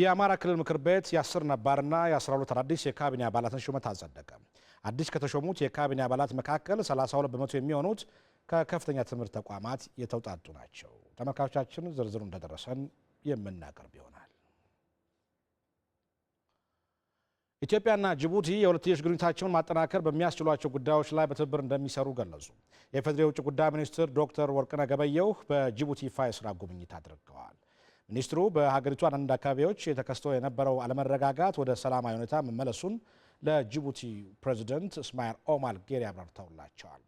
የአማራ ክልል ምክር ቤት የ10 ነባርና የ12 አዳዲስ የካቢኔ አባላትን ሹመት አጸደቀ። አዲስ ከተሾሙት የካቢኔ አባላት መካከል 32 በመቶ የሚሆኑት ከከፍተኛ ትምህርት ተቋማት የተውጣጡ ናቸው። ተመልካቾቻችን ዝርዝሩ እንደደረሰን የምናቀርብ ይሆናል። ኢትዮጵያና ጅቡቲ የሁለትዮሽ ግንኙነታቸውን ማጠናከር በሚያስችሏቸው ጉዳዮች ላይ በትብብር እንደሚሰሩ ገለጹ። የፌዴሬ የውጭ ጉዳይ ሚኒስትር ዶክተር ወርቅነህ ገበየሁ በጅቡቲ ይፋ የስራ ጉብኝት አድርገዋል። ሚኒስትሩ በሀገሪቱ አንዳንድ አካባቢዎች ተከስቶ የነበረው አለመረጋጋት ወደ ሰላማዊ ሁኔታ መመለሱን ለጅቡቲ ፕሬዚደንት እስማኤል ኦማር ጌሌ አብራርተውላቸዋል።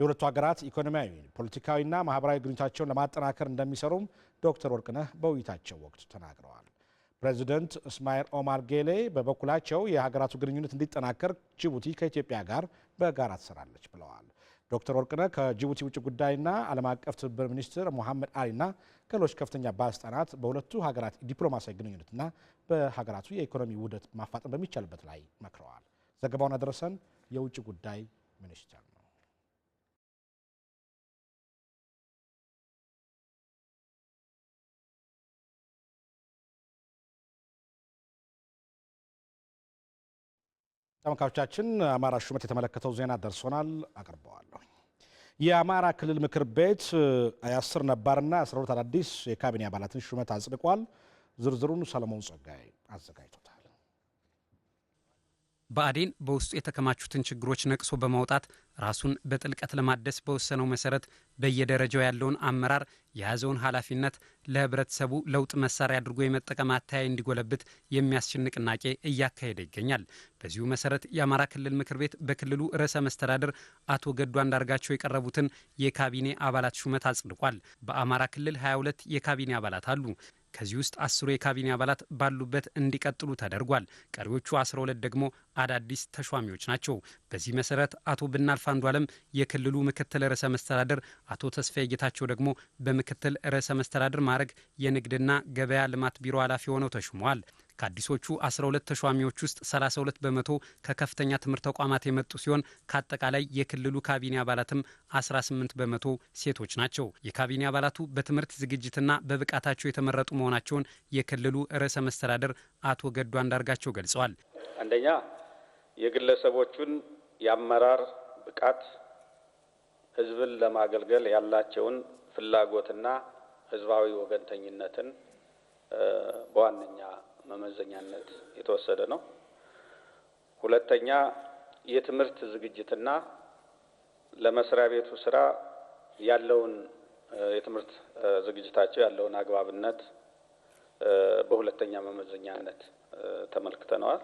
የሁለቱ ሀገራት ኢኮኖሚያዊ፣ ፖለቲካዊና ማህበራዊ ግንኙታቸውን ለማጠናከር እንደሚሰሩም ዶክተር ወርቅነህ በውይይታቸው ወቅት ተናግረዋል። ፕሬዚደንት እስማኤል ኦማር ጌሌ በበኩላቸው የሀገራቱ ግንኙነት እንዲጠናከር ጅቡቲ ከኢትዮጵያ ጋር በጋራ ትሰራለች ብለዋል። ዶክተር ወርቅነህ ከጅቡቲ ውጭ ጉዳይና ዓለም አቀፍ ትብብር ሚኒስትር ሞሐመድ አሊና ከሌሎች ከፍተኛ ባለስልጣናት በሁለቱ ሀገራት ዲፕሎማሲያዊ ግንኙነትና በሀገራቱ የኢኮኖሚ ውህደት ማፋጠን በሚቻልበት ላይ መክረዋል። ዘገባውን ያደረሰን የውጭ ጉዳይ ሚኒስትር ተመልካቾቻችን አማራ ሹመት የተመለከተው ዜና ደርሶናል፣ አቅርበዋለሁ። የአማራ ክልል ምክር ቤት የአስር ነባርና አስራ ሁለት አዳዲስ የካቢኔ አባላትን ሹመት አጽድቋል። ዝርዝሩን ሰለሞን ጸጋይ አዘጋጅቷል። ብአዴን በውስጡ የተከማቹትን ችግሮች ነቅሶ በማውጣት ራሱን በጥልቀት ለማደስ በወሰነው መሰረት በየደረጃው ያለውን አመራር የያዘውን ኃላፊነት ለህብረተሰቡ ለውጥ መሳሪያ አድርጎ የመጠቀም አተያይ እንዲጎለብት የሚያስችል ንቅናቄ እያካሄደ ይገኛል። በዚሁ መሰረት የአማራ ክልል ምክር ቤት በክልሉ ርዕሰ መስተዳድር አቶ ገዱ አንዳርጋቸው የቀረቡትን የካቢኔ አባላት ሹመት አጽድቋል። በአማራ ክልል 22 የካቢኔ አባላት አሉ። ከዚህ ውስጥ አስሩ የካቢኔ አባላት ባሉበት እንዲቀጥሉ ተደርጓል። ቀሪዎቹ ሁለት ደግሞ አዳዲስ ተሿሚዎች ናቸው። በዚህ መሰረት አቶ ብናልፍ አንዱ አለም የክልሉ ምክትል ርዕሰ መስተዳድር፣ አቶ ተስፋዬ ጌታቸው ደግሞ በምክትል ርዕሰ መስተዳድር ማዕረግ የንግድና ገበያ ልማት ቢሮ ኃላፊ ሆነው ተሹመዋል። ከአዲሶቹ 12 ተሿሚዎች ውስጥ 32 በመቶ ከከፍተኛ ትምህርት ተቋማት የመጡ ሲሆን ከአጠቃላይ የክልሉ ካቢኔ አባላትም 18 በመቶ ሴቶች ናቸው። የካቢኔ አባላቱ በትምህርት ዝግጅትና በብቃታቸው የተመረጡ መሆናቸውን የክልሉ ርዕሰ መስተዳደር አቶ ገዱ አንዳርጋቸው ገልጸዋል። አንደኛ የግለሰቦቹን የአመራር ብቃት፣ ህዝብን ለማገልገል ያላቸውን ፍላጎትና ህዝባዊ ወገንተኝነትን በዋነኛ መመዘኛነት የተወሰደ ነው። ሁለተኛ የትምህርት ዝግጅትና ለመስሪያ ቤቱ ስራ ያለውን የትምህርት ዝግጅታቸው ያለውን አግባብነት በሁለተኛ መመዘኛነት ተመልክተነዋል።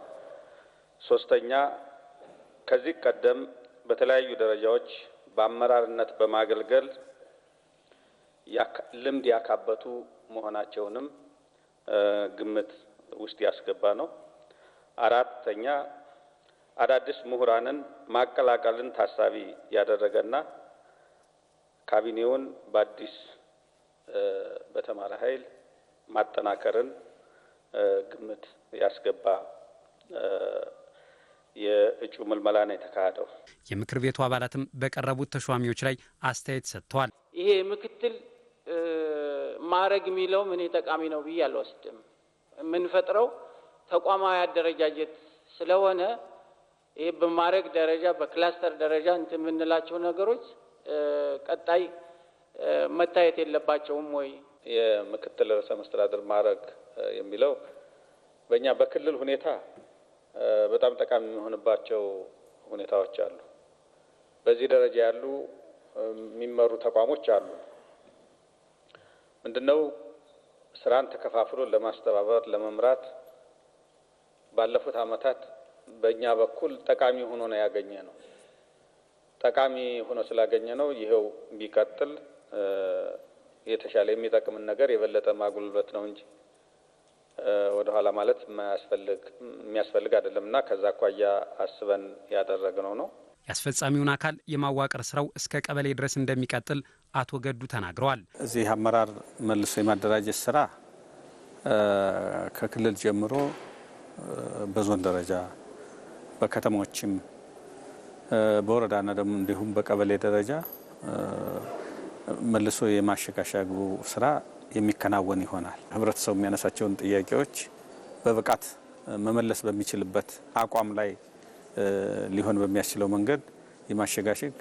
ሶስተኛ ከዚህ ቀደም በተለያዩ ደረጃዎች በአመራርነት በማገልገል ልምድ ያካበቱ መሆናቸውንም ግምት ውስጥ ያስገባ ነው። አራተኛ አዳዲስ ምሁራንን ማቀላቀልን ታሳቢ ያደረገና ካቢኔውን በአዲስ በተማረ ኃይል ማጠናከርን ግምት ያስገባ የእጩ ምልመላ ነው የተካሄደው። የምክር ቤቱ አባላትም በቀረቡት ተሿሚዎች ላይ አስተያየት ሰጥተዋል። ይሄ ምክትል ማዕረግ የሚለውም እኔ ጠቃሚ ነው ብዬ አልወስድም። የምንፈጥረው ተቋማዊ አደረጃጀት ስለሆነ ይህ በማድረግ ደረጃ በክላስተር ደረጃ እንትን የምንላቸው ነገሮች ቀጣይ መታየት የለባቸውም ወይ? የምክትል ርዕሰ መስተዳድር ማድረግ የሚለው በእኛ በክልል ሁኔታ በጣም ጠቃሚ የሚሆንባቸው ሁኔታዎች አሉ። በዚህ ደረጃ ያሉ የሚመሩ ተቋሞች አሉ። ምንድነው ስራን ተከፋፍሎ ለማስተባበር ለመምራት ባለፉት አመታት በእኛ በኩል ጠቃሚ ሆኖ ነው ያገኘ ነው። ጠቃሚ ሆኖ ስላገኘ ነው ይኸው ቢቀጥል የተሻለ የሚጠቅምን ነገር የበለጠ ማጉልበት ነው እንጂ ወደኋላ ማለት የሚያስፈልግ አይደለም እና ከዛ አኳያ አስበን ያደረግነው ነው። የአስፈጻሚውን አካል የማዋቀር ስራው እስከ ቀበሌ ድረስ እንደሚቀጥል አቶ ገዱ ተናግረዋል። እዚህ አመራር መልሶ የማደራጀት ስራ ከክልል ጀምሮ በዞን ደረጃ በከተሞችም በወረዳና ደግሞ እንዲሁም በቀበሌ ደረጃ መልሶ የማሸጋሸጉ ስራ የሚከናወን ይሆናል። ህብረተሰቡ የሚያነሳቸውን ጥያቄዎች በብቃት መመለስ በሚችልበት አቋም ላይ ሊሆን በሚያስችለው መንገድ የማሸጋሸግ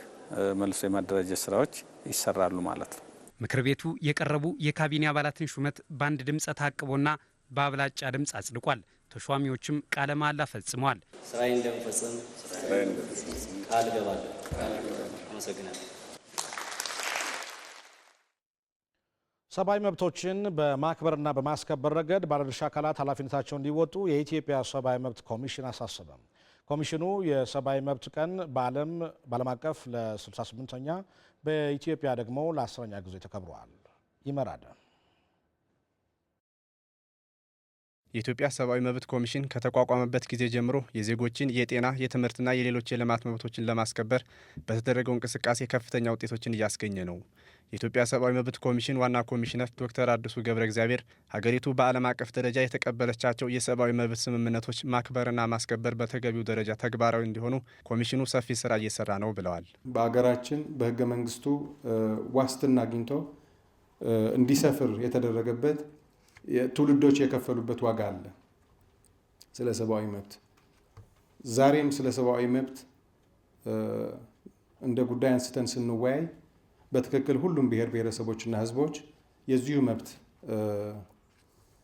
መልሶ የማደራጀት ስራዎች ይሰራሉ ማለት ነው። ምክር ቤቱ የቀረቡ የካቢኔ አባላትን ሹመት በአንድ ድምፅ ታቅቦና በአብላጫ ድምፅ አጽድቋል። ተሿሚዎችም ቃለ መሃላ ፈጽመዋል። ስራዬ እንደምፈጽም ቃል እገባለሁ። አመሰግናለሁ። ሰብአዊ መብቶችን በማክበርና በማስከበር ረገድ ባለድርሻ አካላት ኃላፊነታቸውን እንዲወጡ የኢትዮጵያ ሰብአዊ መብት ኮሚሽን አሳሰበም። ኮሚሽኑ የሰብአዊ መብት ቀን በዓለም አቀፍ ለ68ኛ በኢትዮጵያ ደግሞ ለአስረኛ ጊዜ ተከብረዋል። ይመራደ የኢትዮጵያ ሰብአዊ መብት ኮሚሽን ከተቋቋመበት ጊዜ ጀምሮ የዜጎችን የጤና የትምህርትና የሌሎች የልማት መብቶችን ለማስከበር በተደረገው እንቅስቃሴ ከፍተኛ ውጤቶችን እያስገኘ ነው። የኢትዮጵያ ሰብአዊ መብት ኮሚሽን ዋና ኮሚሽነር ዶክተር አዲሱ ገብረ እግዚአብሔር ሀገሪቱ በዓለም አቀፍ ደረጃ የተቀበለቻቸው የሰብአዊ መብት ስምምነቶች ማክበርና ማስከበር በተገቢው ደረጃ ተግባራዊ እንዲሆኑ ኮሚሽኑ ሰፊ ስራ እየሰራ ነው ብለዋል። በሀገራችን በህገ መንግስቱ ዋስትና አግኝቶ እንዲሰፍር የተደረገበት ትውልዶች የከፈሉበት ዋጋ አለ። ስለ ሰብአዊ መብት ዛሬም ስለ ሰብአዊ መብት እንደ ጉዳይ አንስተን ስንወያይ በትክክል ሁሉም ብሔር ብሔረሰቦችና ህዝቦች የዚሁ መብት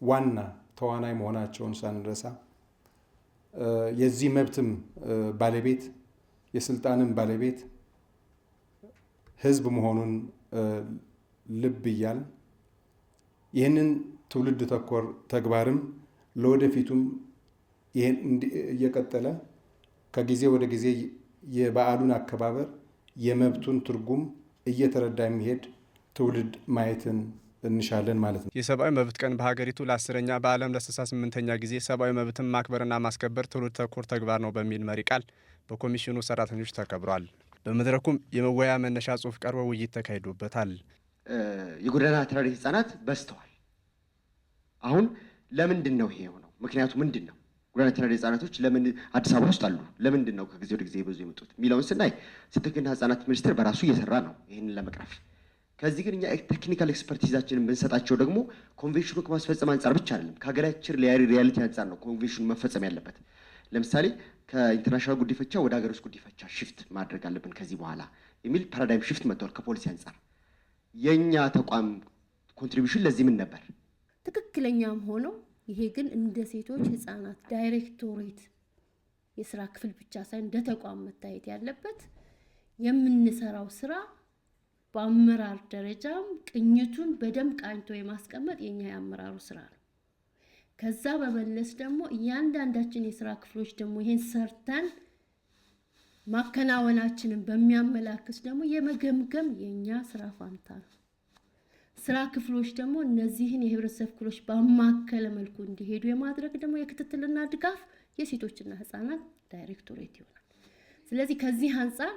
ዋና ተዋናይ መሆናቸውን ሳንረሳ የዚህ መብትም ባለቤት የስልጣንም ባለቤት ህዝብ መሆኑን ልብ እያል ይህንን ትውልድ ተኮር ተግባርም ለወደፊቱም እየቀጠለ ከጊዜ ወደ ጊዜ የበዓሉን አከባበር የመብቱን ትርጉም እየተረዳ የሚሄድ ትውልድ ማየትን እንሻለን ማለት ነው። የሰብአዊ መብት ቀን በሀገሪቱ ለአስረኛ በዓለም ለስልሳ ስምንተኛ ጊዜ ሰብአዊ መብትን ማክበርና ማስከበር ትውልድ ተኮር ተግባር ነው በሚል መሪ ቃል በኮሚሽኑ ሰራተኞች ተከብሯል። በመድረኩም የመወያ መነሻ ጽሁፍ ቀርቦ ውይይት ተካሂዶበታል። የጎዳና ተራሪ ህጻናት በዝተዋል። አሁን ለምንድን ነው ይሄ የሆነው? ምክንያቱ ምንድን ነው? ጉዳተኛ ህጻናቶች ለምን አዲስ አበባ ውስጥ አሉ? ለምንድን ነው ከጊዜ ወደ ጊዜ ብዙ የመጡት የሚለውን ስናይ ሴቶችና ህጻናት ሚኒስቴር በራሱ እየሰራ ነው ይህንን ለመቅረፍ። ከዚህ ግን እኛ ቴክኒካል ኤክስፐርቲዛችንን ብንሰጣቸው ደግሞ ኮንቬንሽኑ ከማስፈጸም አንጻር ብቻ አይደለም፣ ከሀገራችን ሪያሊቲ አንጻር ነው ኮንቬንሽኑ መፈጸም ያለበት። ለምሳሌ ከኢንተርናሽናል ጉዲፈቻ ወደ ሀገር ውስጥ ጉዲፈቻ ሽፍት ማድረግ አለብን ከዚህ በኋላ የሚል ፓራዳይም ሽፍት መጥተዋል። ከፖሊሲ አንጻር የእኛ ተቋም ኮንትሪቢሽን ለዚህ ምን ነበር? ትክክለኛም ሆኖ ይሄ ግን እንደ ሴቶች ህጻናት ዳይሬክቶሬት የስራ ክፍል ብቻ ሳይሆን እንደ ተቋም መታየት ያለበት የምንሰራው ስራ በአመራር ደረጃም ቅኝቱን በደንብ ቃኝቶ የማስቀመጥ የኛ የአመራሩ ስራ ነው። ከዛ በመለስ ደግሞ እያንዳንዳችን የስራ ክፍሎች ደግሞ ይሄን ሰርተን ማከናወናችንን በሚያመላክት ደግሞ የመገምገም የእኛ ስራ ፋንታ ነው። ስራ ክፍሎች ደግሞ እነዚህን የህብረተሰብ ክፍሎች ባማከለ መልኩ እንዲሄዱ የማድረግ ደግሞ የክትትልና ድጋፍ የሴቶችና ህጻናት ዳይሬክቶሬት ይሆናል። ስለዚህ ከዚህ አንጻር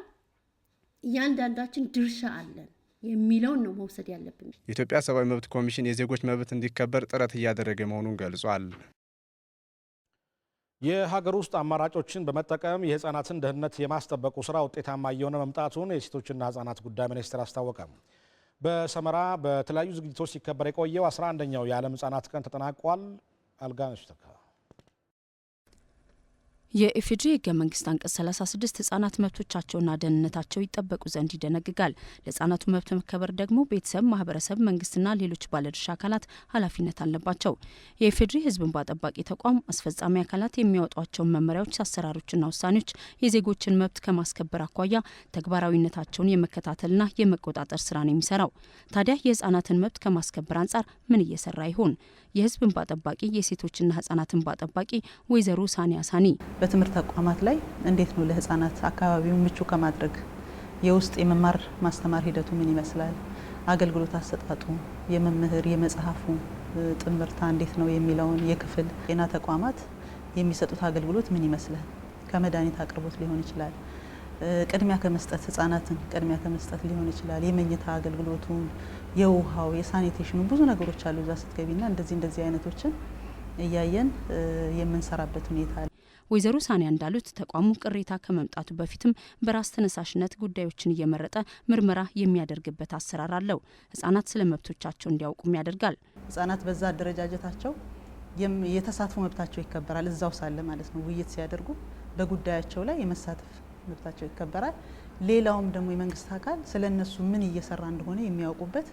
እያንዳንዳችን ድርሻ አለን የሚለውን ነው መውሰድ ያለብን። የኢትዮጵያ ሰብአዊ መብት ኮሚሽን የዜጎች መብት እንዲከበር ጥረት እያደረገ መሆኑን ገልጿል። የሀገር ውስጥ አማራጮችን በመጠቀም የህፃናትን ደህንነት የማስጠበቁ ስራ ውጤታማ እየሆነ መምጣቱን የሴቶችና ህጻናት ጉዳይ ሚኒስቴር አስታወቀ። በሰመራ በተለያዩ ዝግጅቶች ሲከበር የቆየው 11ኛው የዓለም ህጻናት ቀን ተጠናቋል። አልጋነሽ ተካ የኢፌዴሪ ህገ መንግስት አንቀጽ 36 ህጻናት መብቶቻቸውና ደህንነታቸው ይጠበቁ ዘንድ ይደነግጋል። ለህጻናቱ መብት መከበር ደግሞ ቤተሰብ፣ ማህበረሰብ፣ መንግስትና ሌሎች ባለድርሻ አካላት ኃላፊነት አለባቸው። የኢፌዴሪ ህዝብን ባጠባቂ ተቋም አስፈጻሚ አካላት የሚያወጧቸውን መመሪያዎች፣ አሰራሮችና ውሳኔዎች የዜጎችን መብት ከማስከበር አኳያ ተግባራዊነታቸውን የመከታተልና የመቆጣጠር ስራ ነው የሚሰራው። ታዲያ የህጻናትን መብት ከማስከበር አንጻር ምን እየሰራ ይሆን? የህዝብ እንባ ጠባቂ፣ የሴቶችና ህጻናት እንባ ጠባቂ ወይዘሮ ሳኒያ ሳኒ በትምህርት ተቋማት ላይ እንዴት ነው ለህጻናት አካባቢውን ምቹ ከማድረግ የውስጥ የመማር ማስተማር ሂደቱ ምን ይመስላል፣ አገልግሎት አሰጣጡ፣ የመምህር የመጽሐፉ ጥምርታ እንዴት ነው የሚለውን የክፍል ጤና ተቋማት የሚሰጡት አገልግሎት ምን ይመስላል፣ ከመድኃኒት አቅርቦት ሊሆን ይችላል ቅድሚያ ከመስጠት ህጻናትን ቅድሚያ ከመስጠት ሊሆን ይችላል። የመኝታ አገልግሎቱን፣ የውሃው፣ የሳኒቴሽኑ ብዙ ነገሮች አሉ እዛ ስትገቢና እንደዚህ እንደዚህ አይነቶችን እያየን የምንሰራበት ሁኔታ አለ። ወይዘሮ ሳኒያ እንዳሉት ተቋሙ ቅሬታ ከመምጣቱ በፊትም በራስ ተነሳሽነት ጉዳዮችን እየመረጠ ምርመራ የሚያደርግበት አሰራር አለው። ህጻናት ስለ መብቶቻቸው እንዲያውቁም ያደርጋል። ህጻናት በዛ አደረጃጀታቸው የተሳትፎ መብታቸው ይከበራል። እዛው ሳለ ማለት ነው ውይይት ሲያደርጉ በጉዳያቸው ላይ የመሳተፍ መብታቸው ይከበራል። ሌላውም ደግሞ የመንግስት አካል ስለ እነሱ ምን እየሰራ እንደሆነ የሚያውቁበት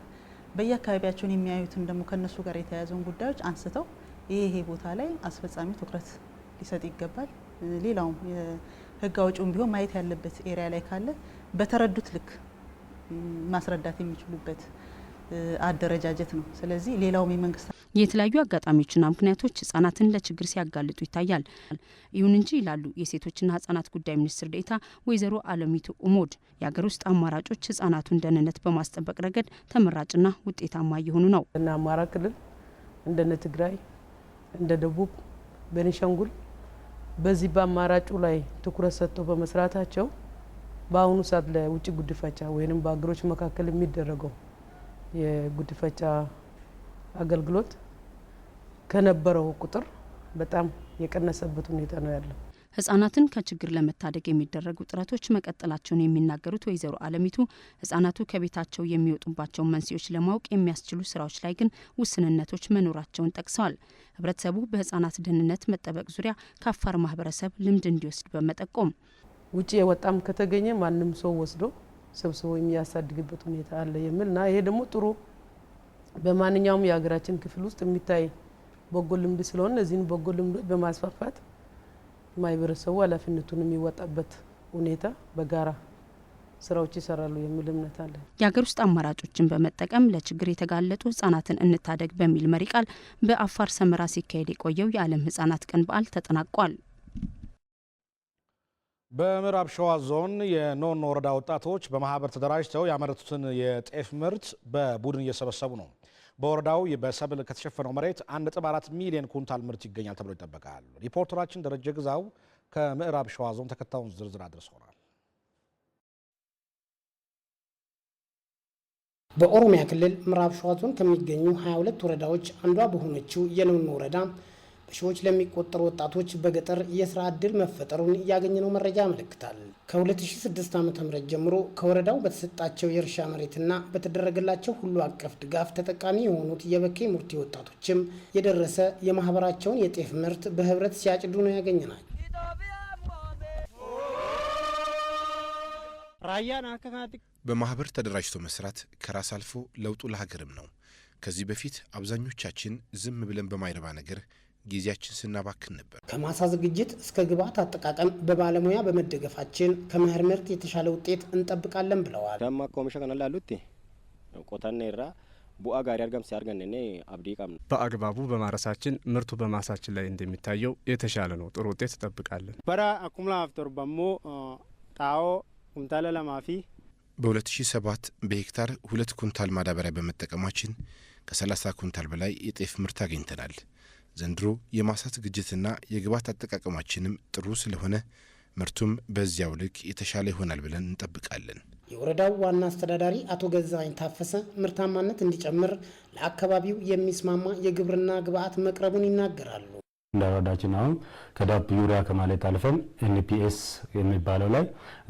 በየአካባቢያቸውን የሚያዩትም ደግሞ ከእነሱ ጋር የተያያዘውን ጉዳዮች አንስተው ይሄ ቦታ ላይ አስፈጻሚው ትኩረት ሊሰጥ ይገባል። ሌላውም ህግ አውጪውም ቢሆን ማየት ያለበት ኤሪያ ላይ ካለ በተረዱት ልክ ማስረዳት የሚችሉበት አደረጃጀት ነው። ስለዚህ ሌላውም የመንግስት የተለያዩ አጋጣሚዎችና ምክንያቶች ህጻናትን ለችግር ሲያጋልጡ ይታያል። ይሁን እንጂ ይላሉ የሴቶችና ህጻናት ጉዳይ ሚኒስትር ዴኤታ ወይዘሮ አለሚቱ ኡሞድ የሀገር ውስጥ አማራጮች ህጻናቱን ደህንነት በማስጠበቅ ረገድ ተመራጭና ውጤታማ እየሆኑ ነው። እነ አማራ ክልል እንደነ ትግራይ፣ እንደ ደቡብ፣ ቤኒሻንጉል በዚህ በአማራጩ ላይ ትኩረት ሰጥተው በመስራታቸው በአሁኑ ሰዓት ለውጭ ጉድፈቻ ወይም በሀገሮች መካከል የሚደረገው የጉድፈቻ አገልግሎት ከነበረው ቁጥር በጣም የቀነሰበት ሁኔታ ነው ያለው። ህጻናትን ከችግር ለመታደግ የሚደረጉ ጥረቶች መቀጠላቸውን የሚናገሩት ወይዘሮ አለሚቱ ህጻናቱ ከቤታቸው የሚወጡባቸውን መንስኤዎች ለማወቅ የሚያስችሉ ስራዎች ላይ ግን ውስንነቶች መኖራቸውን ጠቅሰዋል። ህብረተሰቡ በህጻናት ደህንነት መጠበቅ ዙሪያ ከአፋር ማህበረሰብ ልምድ እንዲወስድ በመጠቆም ውጭ የወጣም ከተገኘ ማንም ሰው ወስዶ ሰብስቦ የሚያሳድግበት ሁኔታ አለ የሚል እና ይሄ ደግሞ ጥሩ በማንኛውም የሀገራችን ክፍል ውስጥ የሚታይ በጎ ልምድ ስለሆነ እዚህን በጎ ልምዶች በማስፋፋት ማህበረሰቡ ኃላፊነቱን የሚወጣበት ሁኔታ በጋራ ስራዎች ይሰራሉ የሚል እምነት አለ። የሀገር ውስጥ አማራጮችን በመጠቀም ለችግር የተጋለጡ ህጻናትን እንታደግ በሚል መሪ ቃል በአፋር ሰመራ ሲካሄድ የቆየው የዓለም ህጻናት ቀን በዓል ተጠናቋል። በምዕራብ ሸዋ ዞን የኖኖ ወረዳ ወጣቶች በማህበር ተደራጅተው ያመረቱትን የጤፍ ምርት በቡድን እየሰበሰቡ ነው። በወረዳው በሰብል ከተሸፈነው መሬት 1.4 ሚሊዮን ኩንታል ምርት ይገኛል ተብሎ ይጠበቃል። ሪፖርተራችን ደረጀ ግዛው ከምዕራብ ሸዋ ዞን ተከታዩን ዝርዝር አድርሶናል። በኦሮሚያ ክልል ምዕራብ ሸዋ ዞን ከሚገኙ 22 ወረዳዎች አንዷ በሆነችው የኖኖ ወረዳ በሺዎች ለሚቆጠሩ ወጣቶች በገጠር የስራ ዕድል መፈጠሩን ያገኘነው መረጃ ያመለክታል። ከ2006 ዓ.ም ጀምሮ ከወረዳው በተሰጣቸው የእርሻ መሬትና በተደረገላቸው ሁሉ አቀፍ ድጋፍ ተጠቃሚ የሆኑት የበኬ ሙርቲ ወጣቶችም የደረሰ የማህበራቸውን የጤፍ ምርት በህብረት ሲያጭዱ ነው ያገኘናል። በማህበር ተደራጅቶ መስራት ከራስ አልፎ ለውጡ ለሀገርም ነው። ከዚህ በፊት አብዛኞቻችን ዝም ብለን በማይረባ ነገር ጊዜያችን ስናባክን ነበር። ከማሳ ዝግጅት እስከ ግብዓት አጠቃቀም በባለሙያ በመደገፋችን ከመኸር ምርት የተሻለ ውጤት እንጠብቃለን ብለዋል። ዳማ ኮሚሻ ከናላሉት ቆታና ይራ ቡአ ጋሪ አርገም ሲያርገን ኔ አብዲ ቀም በአግባቡ በማረሳችን ምርቱ በማሳችን ላይ እንደሚታየው የተሻለ ነው። ጥሩ ውጤት እጠብቃለን። በራ አኩምላ አፍተር በሞ ጣኦ ኩምታለ ለማፊ በ2007 በሄክታር ሁለት ኩንታል ማዳበሪያ በመጠቀማችን ከ30 ኩንታል በላይ የጤፍ ምርት አግኝተናል። ዘንድሮ የማሳት ግጅትና የግብዓት አጠቃቀማችንም ጥሩ ስለሆነ ምርቱም በዚያው ልክ የተሻለ ይሆናል ብለን እንጠብቃለን። የወረዳው ዋና አስተዳዳሪ አቶ ገዛኝ ታፈሰ ምርታማነት እንዲጨምር ለአካባቢው የሚስማማ የግብርና ግብዓት መቅረቡን ይናገራሉ። እንደ ወረዳችን አሁን ከዳፕ ዩሪያ ከማለት አልፈን ኤንፒኤስ የሚባለው ላይ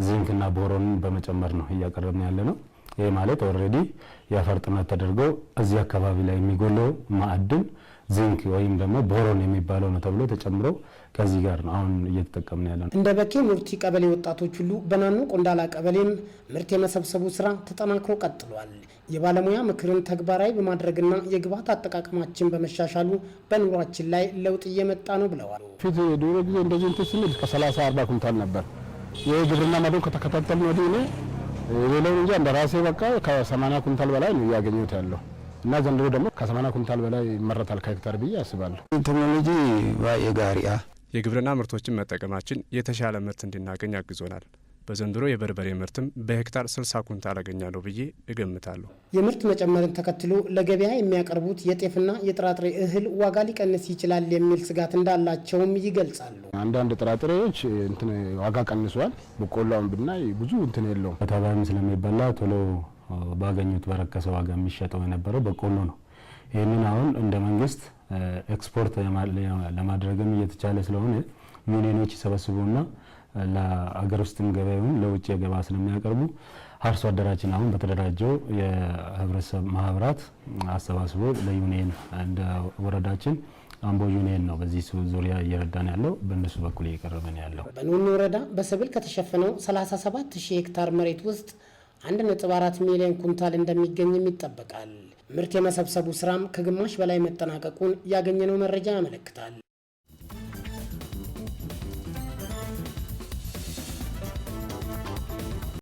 ዚንክና ቦሮን በመጨመር ነው እያቀረብን ያለ ነው። ይህ ማለት ኦልሬዲ የአፈር ጥናት ተደርገው እዚህ አካባቢ ላይ የሚጎለው ማዕድን ዚንክ ወይም ደግሞ ቦሮን የሚባለው ነው ተብሎ ተጨምሮ ከዚህ ጋር ነው አሁን እየተጠቀምን ያለ ነው። እንደ በኬ ሙርቲ ቀበሌ ወጣቶች ሁሉ በናኑ ቆንዳላ ቀበሌም ምርት የመሰብሰቡ ስራ ተጠናክሮ ቀጥሏል። የባለሙያ ምክርን ተግባራዊ በማድረግና የግብዓት አጠቃቀማችን በመሻሻሉ በኑሯችን ላይ ለውጥ እየመጣ ነው ብለዋል። ፊት ድሮ ጊዜ እንደዚህ እንትን ስንል ከ 30 40 ኩንታል ነበር። ይህ ግብርና ማዶ ከተከታተልን ወዲህ እኔ እንጂ እንደ ራሴ በቃ ከ80 ኩንታል በላይ ነው እያገኘሁት ያለው እና ዘንድሮ ደግሞ ከሰማንያ ኩንታል በላይ ይመረታል ከሄክታር ብዬ አስባለሁ። ቴክኖሎጂ ባየ ጋሪያ የግብርና ምርቶችን መጠቀማችን የተሻለ ምርት እንድናገኝ አግዞናል። በዘንድሮ የበርበሬ ምርትም በሄክታር 60 ኩንታል አገኛለሁ ብዬ እገምታለሁ። የምርት መጨመርን ተከትሎ ለገበያ የሚያቀርቡት የጤፍና የጥራጥሬ እህል ዋጋ ሊቀንስ ይችላል የሚል ስጋት እንዳላቸውም ይገልጻሉ። አንዳንድ ጥራጥሬዎች ዋጋ ቀንሷል። በቆላውን ብናይ ብዙ እንትን የለውም ከተባይም ስለሚበላ ቶሎ ባገኙት በረከሰ ዋጋ የሚሸጠው የነበረው በቆሎ ነው። ይህንን አሁን እንደ መንግስት ኤክስፖርት ለማድረግም እየተቻለ ስለሆነ ሚሊዮኖች ይሰበስቡና ለአገር ውስጥም ገበያውን ለውጭ ገባ ስለሚያቀርቡ አርሶ አደራችን አሁን በተደራጀው የህብረተሰብ ማህበራት አሰባስቦ ለዩኒየን እንደ ወረዳችን አምቦ ዩኒየን ነው በዚህ ዙሪያ እየረዳን ያለው በእነሱ በኩል እየቀረበን ያለው። በኖኒ ወረዳ በሰብል ከተሸፈነው 37 ሺህ ሄክታር መሬት ውስጥ 1.4 ሚሊዮን ኩንታል እንደሚገኝም ይጠበቃል። ምርት የመሰብሰቡ ስራም ከግማሽ በላይ መጠናቀቁን ያገኘነው መረጃ ያመለክታል።